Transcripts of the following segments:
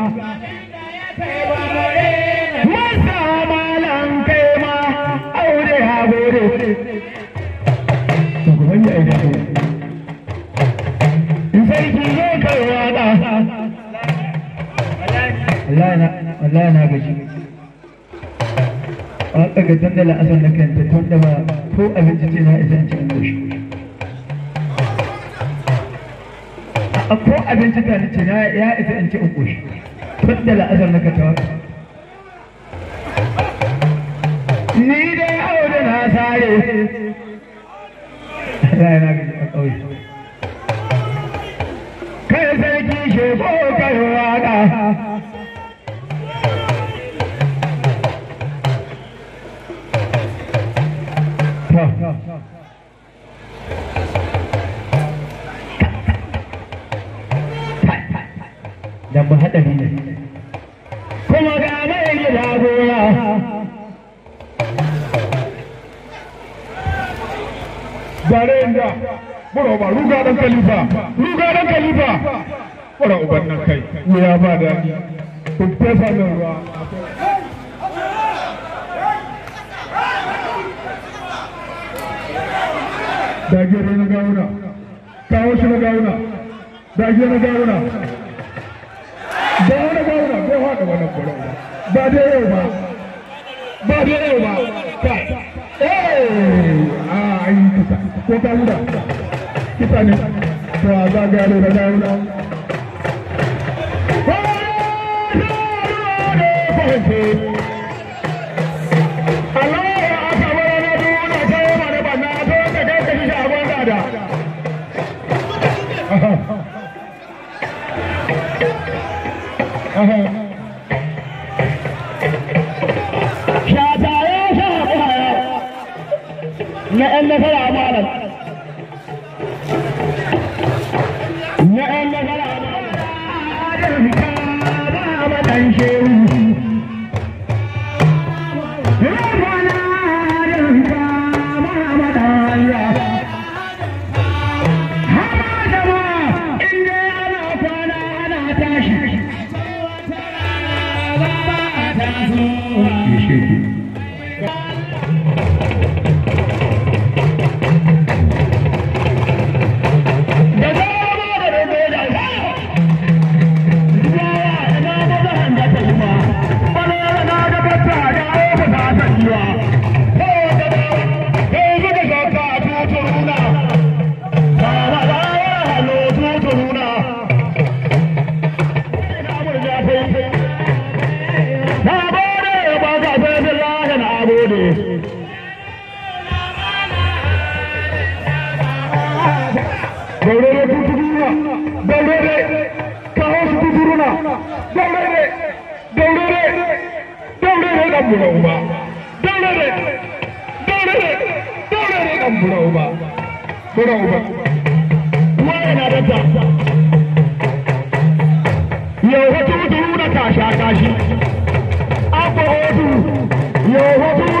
wallahi na gaji a daga dandala asar na kanta tun da ba ko abinci ce na isa ci gashi a ko abinci ta ce na ya isa in ci in kaddala azar na katawa ni dai hau da na sare rana ga a ƙauye kai sarki shego karuwa ka Yeah. da mu haɗa ne kuma ga mai ne jagora garin da bura ba ruga dan kalifa ruga dan kalifa bura uban nan kai ya ba da ni ku fesa nan ruwa dagiyar na gauna kawo shi na gauna dagiyar na gauna ba wani ba wani ko haka wani kura ba da yau ba ba da yau ba ka eh a yi kisa ko ta wuda kisa ne to a zagaya da gaya لأنك لا معنى Belere tutu duruna, belere kaos tutu duruna, belere, belere, belere kan bula uba, belere, belere, belere kan bula uba, bula uba. Buaya na reza, yo ho tutu duruna kasha kashi, apa ho tu, yo ho tutu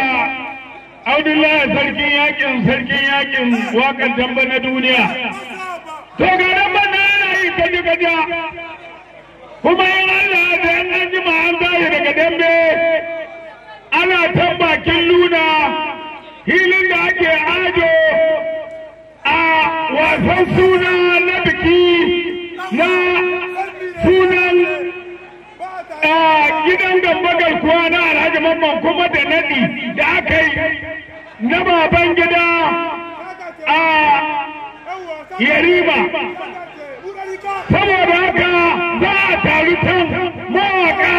da Abdullahi sarkin yakin sarkin yakin wakan tamba na duniya. To ga nan yana yi kaji kaja. Kuma yin Allah da yan an jima daga dambe ana ta bakin luna hilin da ake ajo a wasan suna na biki na garkuwa na alhaji mamman kuma da nadi da aka yi na baban gida a yarima saboda haka za a taru can mawaka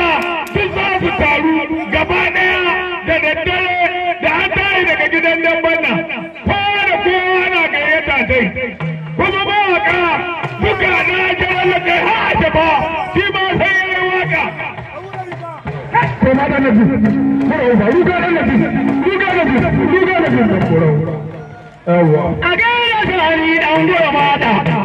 duk za su taru gaba daya da daddare da an tayi daga gidan nan banna kowa da kowa na gayyata dai kuma mawaka duka na jiran da kai ha koma ɗan nabi kora uba ruga a gaira tunani ɗan mata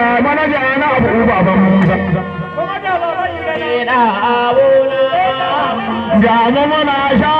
manaja manaja na abu ba ban sha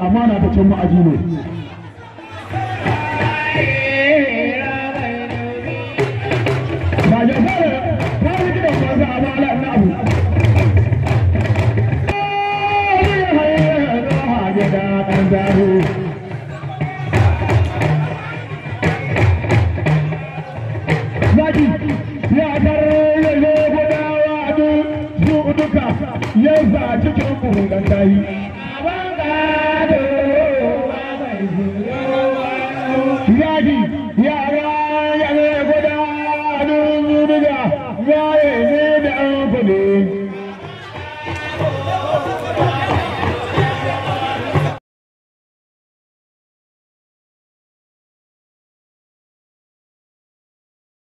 amana ta can ma'aji ne ba ya fara fara ba